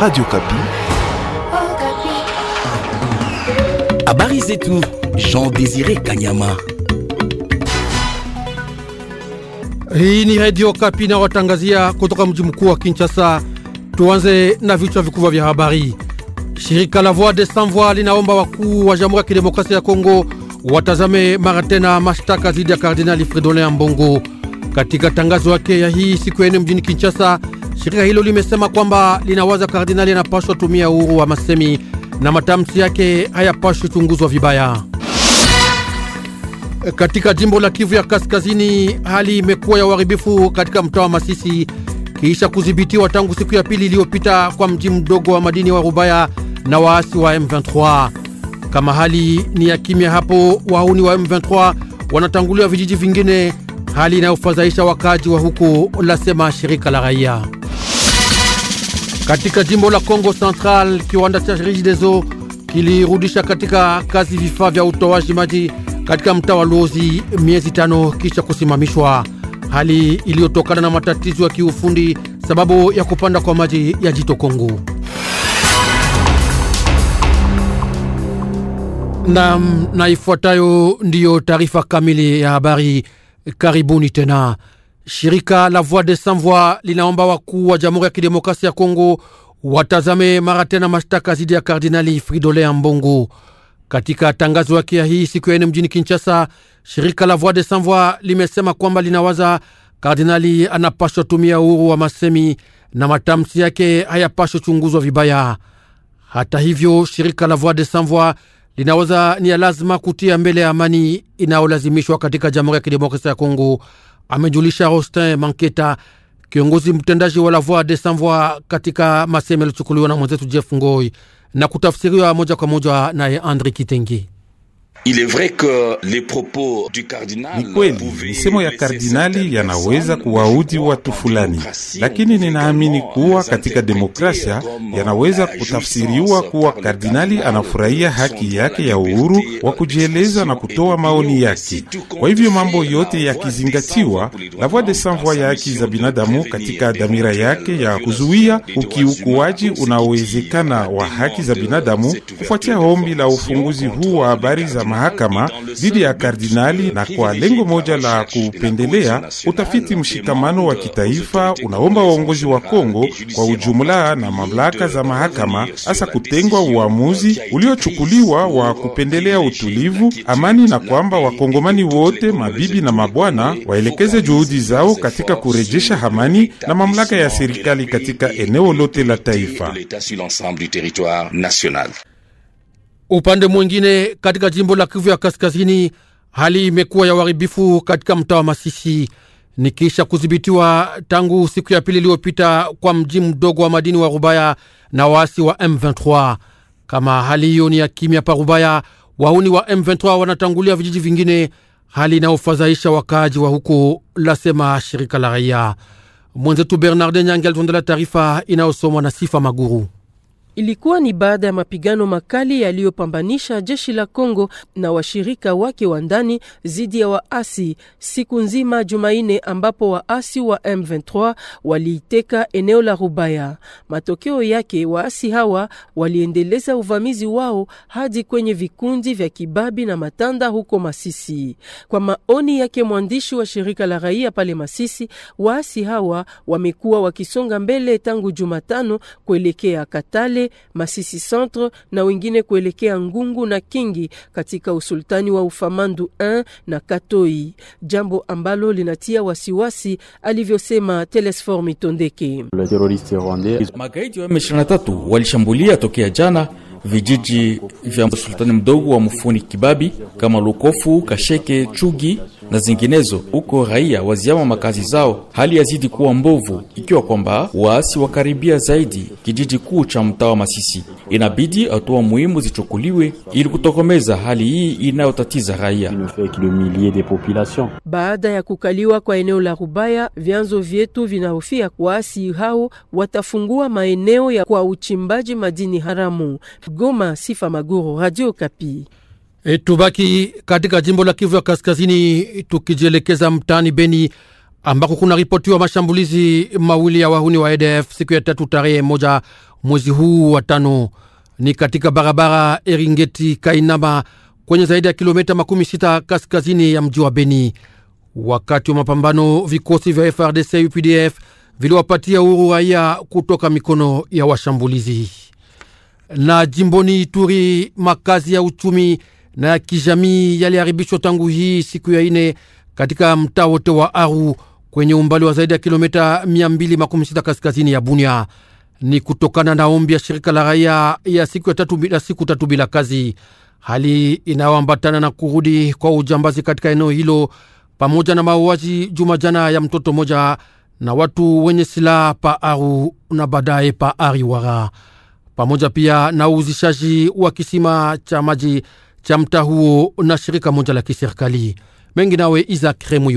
Radio Kapi. Habari zetu Jean Désiré Kanyama. Hii ni Radio Kapi na watangazia kutoka mji mkuu wa Kinshasa. Tuanze na vichwa vikubwa vya habari. Shirika la Voix des Sans Voix linaomba wakuu wa Jamhuri ya Kidemokrasia ya Kongo watazame mara tena mashtaka dhidi ya Kardinali Fridolin Ambongo. Katika tangazo yake ya hii siku ya ine mjini Kinshasa, Shirika hilo limesema kwamba linawaza kardinali anapashwa tumia uhuru wa masemi na matamshi yake hayapashwi chunguzwa vibaya. Katika jimbo la Kivu ya Kaskazini, hali imekuwa ya uharibifu katika mtaa wa Masisi kisha kudhibitiwa tangu siku ya pili iliyopita kwa mji mdogo wa madini wa Rubaya na waasi wa M23. Kama hali ni ya kimya hapo, wahuni wa M23 wanatangulia vijiji vingine, hali inayofadhaisha wakaaji wa huko, lasema shirika la raia. Katika jimbo la Kongo Central, kiwanda cha Regideso kilirudisha katika kazi vifaa vya utoaji maji katika mtaa wa Luozi miezi tano kisha kusimamishwa, hali iliyotokana na matatizo ya kiufundi sababu ya kupanda kwa maji ya jito Kongo. Na, na ifuatayo ndiyo taarifa kamili ya habari. Karibuni tena. Shirika la Voix des Sans Voix linaomba wakuu wa Jamhuri ya Kidemokrasia ya Kongo watazame mara tena mashtaka dhidi ya Kardinali Fridolin Ambongo. Katika tangazo yake ya hii siku ya ine mjini Kinshasa, shirika la Voix des Sans Voix limesema kwamba linawaza kardinali anapashwa tumia uhuru wa masemi na matamshi yake hayapashwa chunguzwa vibaya. Hata hivyo, shirika la Voix des Sans Voix linawaza ni ya lazima kutia mbele ya amani inayolazimishwa katika Jamhuri ya Kidemokrasia ya Kongo amejulisha Rostin Manketa, kiongozi mtendaji wa La Voix des Sans Voix, katika masemo yalichukuliwa na mwenzetu Jeff Ngoi na kutafsiriwa moja kwa moja naye andri Kitengi. Ni kweli misemo ya kardinali yanaweza kuwaudi watu fulani, lakini ninaamini kuwa katika demokrasia yanaweza kutafsiriwa kuwa kardinali anafurahia haki yake ya uhuru wa kujieleza na kutoa maoni yake. Kwa hivyo mambo yote yakizingatiwa, La Voix des Sans Voix ya haki za binadamu katika dhamira yake ya kuzuia ukiukuaji unaowezekana wa haki za binadamu, kufuatia ombi la ufunguzi huu wa habari za mahakama dhidi ya kardinali, na kwa lengo moja la kupendelea utafiti mshikamano wa kitaifa unaomba waongozi wa Kongo kwa ujumla na mamlaka za mahakama hasa kutengwa uamuzi uliochukuliwa wa kupendelea utulivu, amani, na kwamba wakongomani wote, mabibi na mabwana, waelekeze juhudi zao katika kurejesha amani na mamlaka ya serikali katika eneo lote la taifa. Upande mwingine, katika jimbo la Kivu ya Kaskazini, hali imekuwa ya uharibifu katika mtaa wa Masisi ni kisha kudhibitiwa tangu siku ya pili iliyopita kwa mji mdogo wa madini wa Rubaya na waasi wa M23. Kama hali hiyo ni ya kimya pa Rubaya, wahuni wa M23 wanatangulia vijiji vingine, hali inayofadhaisha wakaaji wa huko, lasema shirika la raia. Mwenzetu Bernarde Nyange alitondela taarifa inayosomwa na Sifa Maguru. Ilikuwa ni baada ya mapigano makali yaliyopambanisha jeshi la Kongo na washirika wake wa ndani dhidi ya waasi siku nzima Jumanne, ambapo waasi wa M23 waliiteka eneo la Rubaya. Matokeo yake, waasi hawa waliendeleza uvamizi wao hadi kwenye vikundi vya Kibabi na Matanda huko Masisi. Kwa maoni yake mwandishi wa shirika la raia pale Masisi, waasi hawa wamekuwa wakisonga mbele tangu Jumatano kuelekea Katale Kabale, Masisi Centre na wengine kuelekea Ngungu na Kingi katika usultani wa Ufamandu 1 na Katoi, jambo ambalo linatia wasiwasi, alivyosema Telesfor Mitondeke. Magaidi wa M23 walishambulia tokea jana vijiji vya sultani mdogo wa Mufuni Kibabi kama Lukofu, Kasheke, Chugi na zinginezo. Huko raia waziama makazi zao, hali yazidi kuwa mbovu, ikiwa kwamba waasi wakaribia zaidi kijiji kuu cha mtaa wa Masisi. Inabidi hatua muhimu zichukuliwe ili kutokomeza hali hii inayotatiza raia. Baada ya kukaliwa kwa eneo la Rubaya, vyanzo vyetu vinahofia waasi hao watafungua maeneo ya kwa uchimbaji madini haramu. Goma, Sifa Maguru, Radio Kapi. E, tubaki katika jimbo la Kivu ya Kaskazini, tukijielekeza mtaani Beni ambako kuna ripoti wa mashambulizi mawili ya wahuni wa ADF siku ya tatu tarehe moja mwezi huu wa tano, ni katika barabara Eringeti Kainama kwenye zaidi ya kilomita makumi sita kaskazini ya mji wa Beni. Wakati wa mapambano, vikosi vya FRDC UPDF viliwapatia uhuru raia kutoka mikono ya washambulizi na jimboni Ituri makazi ya uchumi na ya kijamii yaliharibishwa tangu hii siku ya ine katika mtaa wote wa Aru kwenye umbali wa zaidi ya kilomita 260 kaskazini ya Bunia. Ni kutokana na ombi ya shirika la raia ya siku ya tatu bila, siku tatu bila kazi, hali inayoambatana na kurudi kwa ujambazi katika eneo hilo pamoja na mauaji juma jana ya mtoto moja na watu wenye silaha pa Aru na baadaye pa Ariwara pamoja pia na uuzishaji wa kisima cha maji cha mtaa huo na shirika moja la kiserikali mengi. Nawe Isaac Remu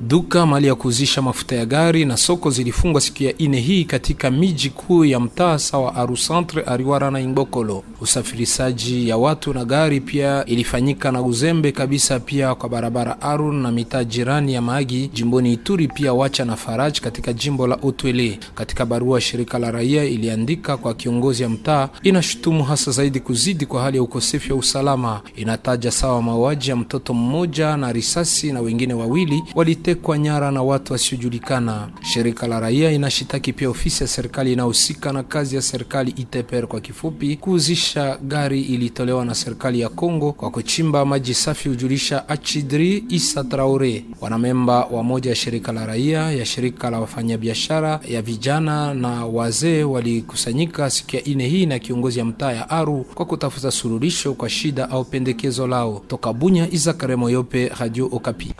Duka mali ya kuuzisha mafuta ya gari na soko zilifungwa siku ya ine hii katika miji kuu ya mtaa sawa Aru Centre, Ariwara na Ingokolo. Usafirishaji ya watu na gari pia ilifanyika na uzembe kabisa, pia kwa barabara Aru na mitaa jirani ya magi jimboni Ituri, pia Wacha na Faraj katika jimbo la Otwele. Katika barua shirika la raia iliandika kwa kiongozi ya mtaa, inashutumu hasa zaidi kuzidi kwa hali ya ukosefu wa usalama. Inataja sawa mauaji ya mtoto mmoja na risasi na wengine wawili walit kutekwa nyara na watu wasiojulikana. Shirika la raia inashitaki pia ofisi ya serikali inayohusika na kazi ya serikali ITPR kwa kifupi, kuhuzisha gari ilitolewa na serikali ya Kongo kwa kuchimba maji safi, hujulisha Achidri Isa Traore. Wanamemba wa moja ya shirika la raia ya shirika la wafanyabiashara ya vijana na wazee walikusanyika siku ya ine hii na kiongozi ya mtaa ya Aru kwa kutafuta suluhisho kwa shida au pendekezo lao. Toka Bunya, Izakaremoyope, Radio Okapi.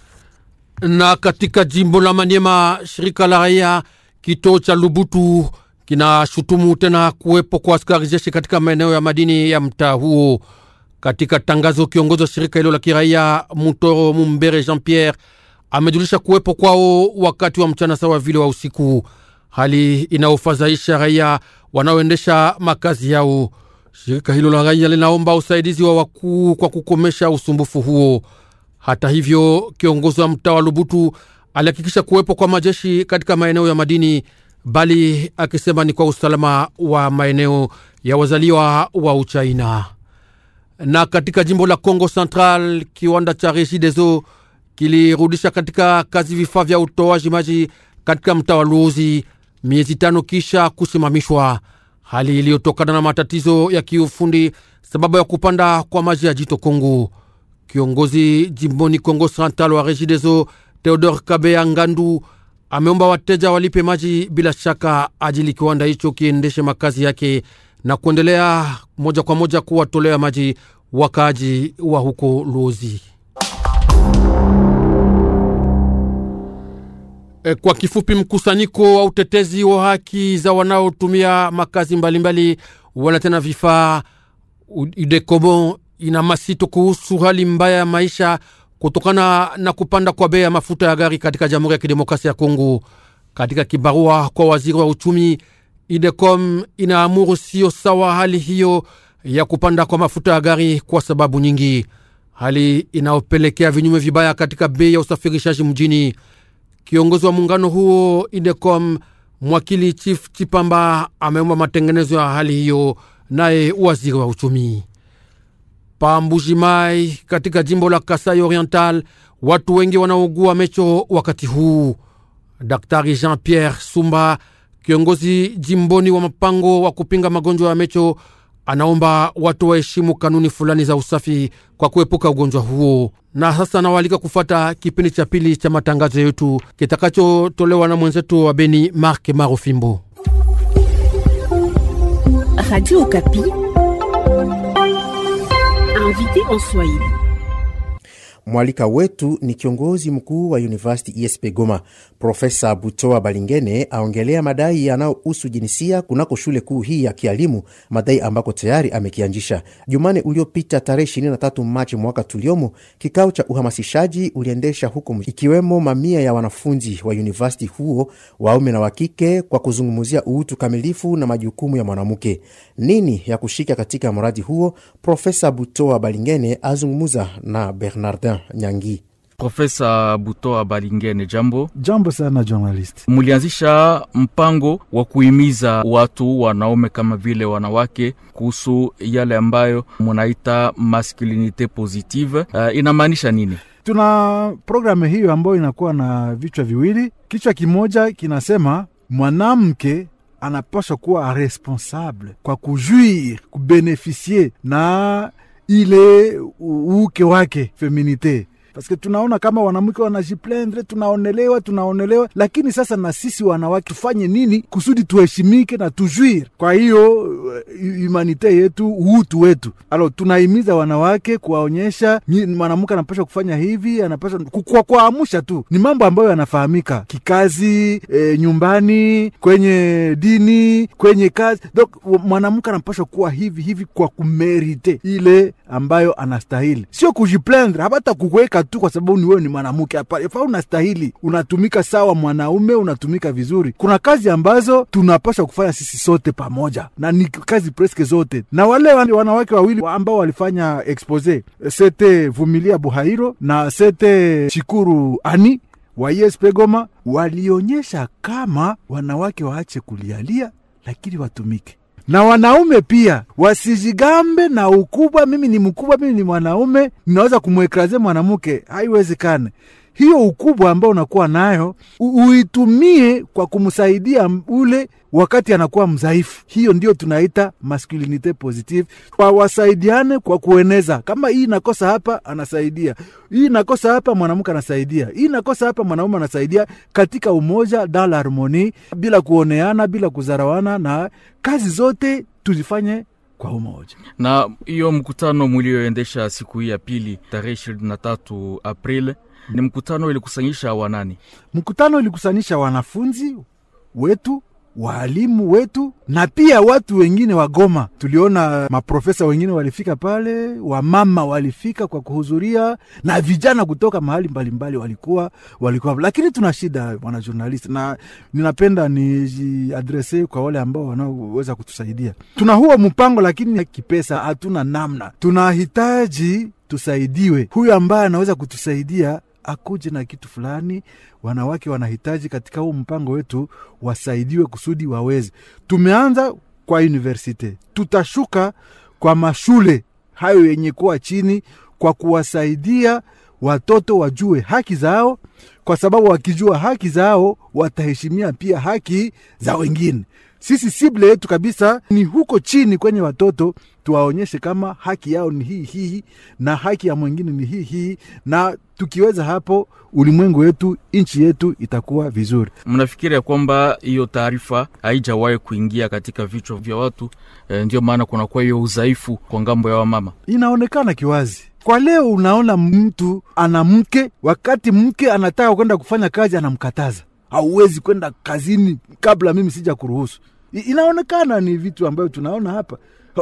Na katika jimbo la Manyema, shirika la raia kito cha Lubutu kinashutumu tena kuwepo kwa askari jeshi katika maeneo ya madini ya mtaa huo. Katika tangazo, kiongozi wa shirika hilo la kiraia Mutoro Mumbere Jean Pierre amejulisha kuwepo kwao wakati wa mchana sawa vile wa usiku, hali inaofadhaisha raia wanaoendesha makazi yao. Shirika hilo la raia linaomba usaidizi wa wakuu kwa kukomesha usumbufu huo. Hata hivyo, kiongozi wa mtaa wa Lubutu alihakikisha kuwepo kwa majeshi katika maeneo ya madini, bali akisema ni kwa usalama wa maeneo ya wazaliwa wa Uchaina. Na katika jimbo la Congo Central, kiwanda cha Regideso kilirudisha katika kazi vifaa vya utoaji maji katika mtaa wa Luuzi miezi tano kisha kusimamishwa, hali iliyotokana na matatizo ya kiufundi sababu ya kupanda kwa maji ya jito Kongo. Kiongozi jimboni Kongo Central wa Regideso theodor Kabea Ngandu ameomba wateja walipe maji bila shaka ajili kiwanda hicho kiendeshe makazi yake na kuendelea moja kwa moja kuwatolea maji wakaaji wa huko Luozi. E, kwa kifupi, mkusanyiko wa utetezi wa haki za wanaotumia makazi mbalimbali wala tena vifaa udecobon ina masito kuhusu hali mbaya ya maisha kutokana na kupanda kwa bei ya mafuta ya gari katika Jamhuri ya Kidemokrasia ya Kongo. Katika kibarua kwa waziri wa uchumi, IDECOM inaamuru siyo sawa hali hiyo ya kupanda kwa mafuta ya gari kwa sababu nyingi, hali inayopelekea vinyume vibaya katika bei ya usafirishaji mjini. Kiongozi wa muungano huo IDECOM, mwakili Chief Chipamba, ameomba matengenezo ya hali hiyo, naye waziri wa uchumi mai katika jimbo la Kasai Oriental, watu wengi wanaougua mecho wakati huu. Daktari Jean-Pierre Sumba, kiongozi jimboni wa mapango wa kupinga magonjwa ya mecho anaomba watu waheshimu kanuni fulani za usafi kwa kuepuka ugonjwa huo. Na sasa nawaalika kufata kipindi cha pili cha matangazo yetu kitakachotolewa na mwenzetu wa Beni Mark Marofimbo, Radio invité en Swahili. Mwalika wetu ni kiongozi mkuu wa University esp Goma Profesa Butoa Balingene aongelea madai yanayohusu jinsia kunako shule kuu hii ya kialimu, madai ambako tayari amekianzisha Jumane uliopita tarehe 23 Machi mwaka tuliomo. Kikao cha uhamasishaji uliendesha huko, ikiwemo mamia ya wanafunzi wa university huo waume na wakike, kwa kuzungumzia uutu kamilifu na majukumu ya mwanamke, nini ya kushika katika mradi huo. Profesa Butoa Balingene azungumuza na Bernardin Nyangi. Profesa Butoa Balingene, jambo. Jambo sana journalist. Mulianzisha mpango wa kuhimiza watu wanaume kama vile wanawake kuhusu yale ambayo munaita masculinite positive. Uh, inamaanisha nini? Tuna programu hiyo ambayo inakuwa na vichwa viwili. Kichwa kimoja kinasema mwanamke anapaswa kuwa responsable kwa kujuir kubenefisie na ile uke wake feminite paske tunaona kama wanamke wanajiplendre, tunaonelewa tunaonelewa, lakini sasa na sisi wanawake tufanye nini kusudi tuheshimike na tujwire? Kwa hiyo eh, humanite yetu, uhutu wetu, alo tunahimiza wanawake kuwaonyesha mwanamke anapasha kufanya hivi, anapasha kwa kuamsha tu. Ni mambo ambayo yanafahamika kikazi, e, nyumbani, kwenye dini, kwenye kazi. mwanamke anapasha kuwa hivi hivi kwa kumerite ile ambayo anastahili, sio kujiplendre. hapata kukuweka tu kwa sababu ni wewe ni mwanamke, hapa Fa unastahili, unatumika sawa mwanaume, unatumika vizuri. Kuna kazi ambazo tunapaswa kufanya sisi sote pamoja, na ni kazi preske zote. Na wale wanawake wawili ambao walifanya expose sete Vumilia Buhairo na sete Shikuru Ani wa ISP Goma walionyesha kama wanawake waache kulialia, lakini watumike na wanaume pia wasijigambe na ukubwa, mimi ni mkubwa, mimi ni mwanaume, ninaweza kumwekraze mwanamke. Haiwezekani hiyo ukubwa ambao unakuwa nayo uitumie kwa kumsaidia ule wakati anakuwa mdhaifu. Hiyo ndio tunaita masculinite positive. Wawasaidiane kwa kueneza, kama hii nakosa hapa, anasaidia hii nakosa hapa, mwanamke anasaidia hii nakosa hapa, mwanaume anasaidia, katika umoja dans bila kuoneana, bila kuzarawana, na kazi zote tuzifanye kwa umoja. Na hiyo mkutano mlioendesha siku hii ya pili tarehe ishirini na tatu Aprili ni mkutano ilikusanyisha wanani? Mkutano ilikusanyisha wanafunzi wetu waalimu wetu na pia watu wengine wa Goma. Tuliona maprofesa wengine walifika pale, wamama walifika kwa kuhudhuria na vijana kutoka mahali mbalimbali mbali walikuwa walikuwa, lakini tuna shida wanajournalisti, na ninapenda nijiadrese kwa wale ambao wanaoweza kutusaidia. Tuna huo mpango, lakini kipesa hatuna namna, tunahitaji tusaidiwe. Huyu ambaye anaweza kutusaidia akuje na kitu fulani. Wanawake wanahitaji katika huu mpango wetu wasaidiwe kusudi waweze. Tumeanza kwa universite, tutashuka kwa mashule hayo yenye kuwa chini kwa kuwasaidia watoto wajue haki zao, kwa sababu wakijua haki zao wataheshimia pia haki za wengine. Sisi sible yetu kabisa ni huko chini kwenye watoto tuwaonyeshe kama haki yao ni hii hii na haki ya mwingine ni hii hii, na tukiweza hapo, ulimwengu wetu, nchi yetu itakuwa vizuri. Mnafikiri ya kwamba hiyo taarifa haijawahi kuingia katika vichwa vya watu e, ndio maana kunakuwa hiyo udhaifu kwa ngambo ya wamama, inaonekana kiwazi kwa leo unaona mtu ana mke, wakati mke anataka kwenda kufanya kazi anamkataza, hauwezi kwenda kazini kabla mimi sija kuruhusu. Inaonekana ni vitu ambavyo tunaona hapa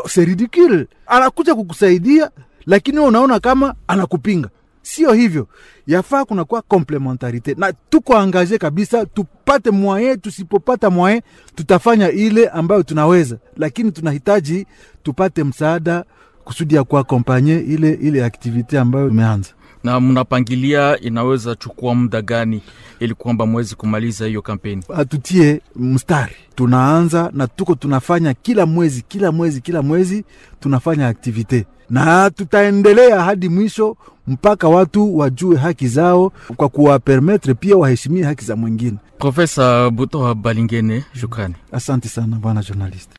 C'est ridicule. Anakuja kukusaidia lakini unaona kama anakupinga. Sio hivyo, yafaa kunakuwa komplementarite na tuko angaje kabisa, tupate mwaye. Tusipopata mwaye, tutafanya ile ambayo tunaweza, lakini tunahitaji tupate msaada kusudi ya kuakompanye ile, ile aktivite ambayo imeanza. Na mnapangilia inaweza chukua muda gani ili kwamba mwezi kumaliza hiyo kampeni? Hatutie mstari, tunaanza na tuko tunafanya kila mwezi kila mwezi kila mwezi tunafanya aktivite na tutaendelea hadi mwisho mpaka watu wajue haki zao, kwa kuwapermetre pia waheshimie haki za mwingine. Profesa butoa Balingene, shukrani, asante sana bwana journalist.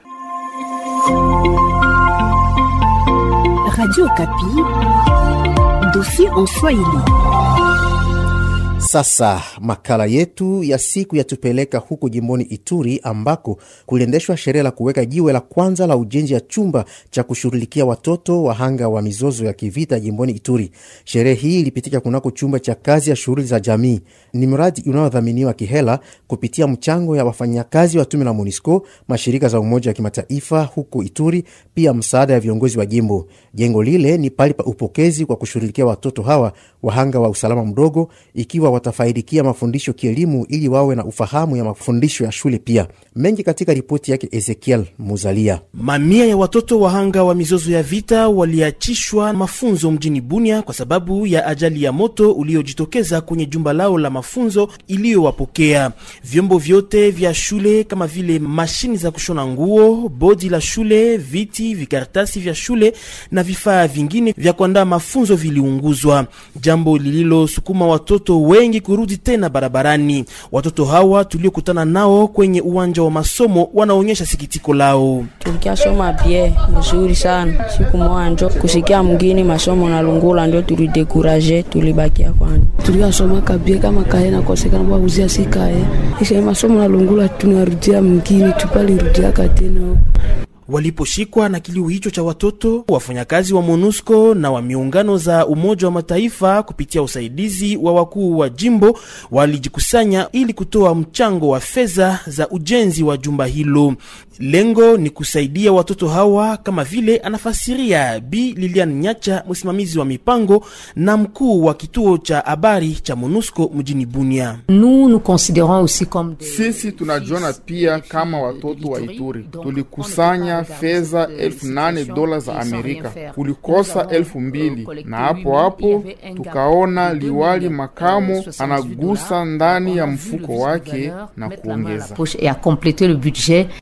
Radio Kapi RFI en Swahili. Sasa makala yetu ya siku yatupeleka huko jimboni Ituri ambako kuliendeshwa sherehe la kuweka jiwe la kwanza la ujenzi ya chumba cha kushughulikia watoto wahanga wa mizozo ya kivita jimboni Ituri. Sherehe hii ilipitika kunako chumba cha kazi ya shughuli za jamii. Ni mradi unaodhaminiwa kihela kupitia mchango ya wafanyakazi wa tume la MONUSCO, mashirika za Umoja wa Kimataifa huko Ituri, pia msaada ya viongozi wa jimbo. Jengo lile ni pali pa upokezi kwa kushughulikia watoto hawa wahanga wa usalama mdogo ikiwa watafaidikia mafundisho kielimu ili wawe na ufahamu ya mafundisho ya shule pia. Mengi katika ripoti yake Ezekiel Muzalia. Mamia ya watoto wahanga wa mizozo ya vita waliachishwa mafunzo mjini Bunia kwa sababu ya ajali ya moto uliojitokeza kwenye jumba lao la mafunzo iliyowapokea. Vyombo vyote vya shule kama vile mashini za kushona nguo, bodi la shule, viti, vikaratasi vya shule na vifaa vingine vya kuandaa mafunzo viliunguzwa. Jam jambo lililosukuma watoto wengi kurudi tena barabarani. Watoto hawa tuliokutana nao kwenye uwanja wa masomo wanaonyesha sikitiko lao. Tulikia soma bie mzuri sana siku mwanjo njo kusikia mgini masomo na lungula, ndio tulidekuraje, tulibakia kwani tulikia soma kabie kama kae na kosekana kwa uzia sikae isha masomo na lungula, tunarudia mgini tupali rudia katena waliposhikwa na kilio hicho cha watoto. Wafanyakazi wa MONUSCO na wa miungano za Umoja wa Mataifa kupitia usaidizi wa wakuu wa jimbo walijikusanya ili kutoa mchango wa fedha za ujenzi wa jumba hilo. Lengo ni kusaidia watoto hawa, kama vile anafasiria Bi Lilian Nyacha, msimamizi wa mipango na mkuu wa kituo cha habari cha MONUSCO mjini Bunia. Sisi tunajiona pia kama watoto wa Ituri, tulikusanya kutumia fedha euh, elfu nane dola za Amerika, kulikosa elfu euh, mbili na hapo hapo tukaona liwali makamo euh, anagusa ndani ya mfuko wake na kuongeza.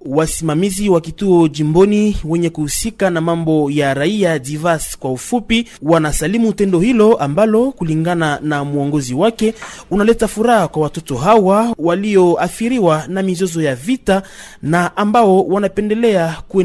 Wasimamizi wa kituo jimboni wenye kuhusika na mambo ya raia Divas kwa ufupi, wanasalimu tendo hilo ambalo kulingana na mwongozi wake unaleta furaha kwa watoto hawa walioathiriwa na mizozo ya vita na ambao wanapendelea kuendelea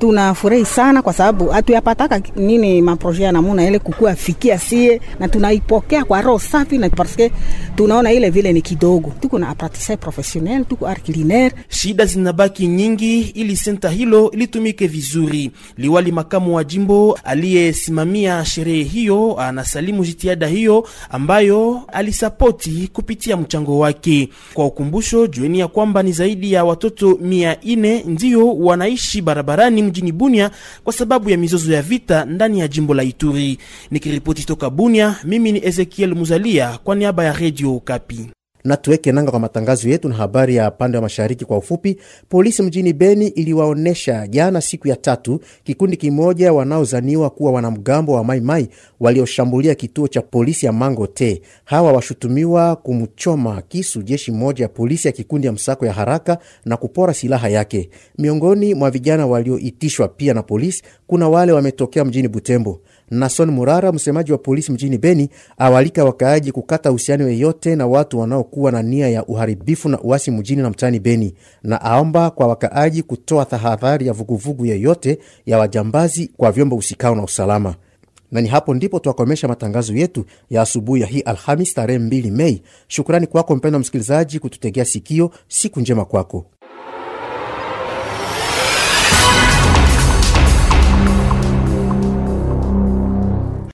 tunafurahi sana kwa sababu hatuyapataka nini maproje ya namuna ile kukua fikia sie, na tunaipokea kwa roho safi, na parce tunaona ile vile ni kidogo. Tuko na apprentissage professionnel, tuko art Shida zinabaki nyingi ili senta hilo litumike vizuri. Liwali makamu wa jimbo aliyesimamia sherehe hiyo anasalimu jitihada hiyo ambayo alisapoti kupitia mchango wake. Kwa ukumbusho, jueni ya kwamba ni zaidi ya watoto mia ine ndiyo wanaishi barabarani mjini Bunia kwa sababu ya mizozo ya vita ndani ya jimbo la Ituri. Nikiripoti toka Bunia, mimi ni Ezekiel Muzalia kwa niaba ya Radio Kapi na tuweke nanga kwa matangazo yetu na habari ya pande wa mashariki kwa ufupi. Polisi mjini Beni iliwaonyesha jana siku ya tatu kikundi kimoja wanaozaniwa kuwa wanamgambo wa Maimai walioshambulia kituo cha polisi ya Mangote. Hawa washutumiwa kumchoma kisu jeshi moja ya polisi ya kikundi ya msako ya haraka na kupora silaha yake. Miongoni mwa vijana walioitishwa pia na polisi kuna wale wametokea mjini Butembo. Nason Murara, msemaji wa polisi mjini Beni, awalika wakaaji kukata uhusiano yeyote na watu wanaokuwa na nia ya uharibifu na uasi mjini na mtaani Beni, na aomba kwa wakaaji kutoa tahadhari ya vuguvugu yeyote ya wajambazi kwa vyombo husikao na usalama na ni hapo ndipo twakomesha matangazo yetu ya asubuhi ya hii Alhamis tarehe 2 Mei. Shukrani kwako mpendwa msikilizaji kututegea sikio. Siku njema kwako.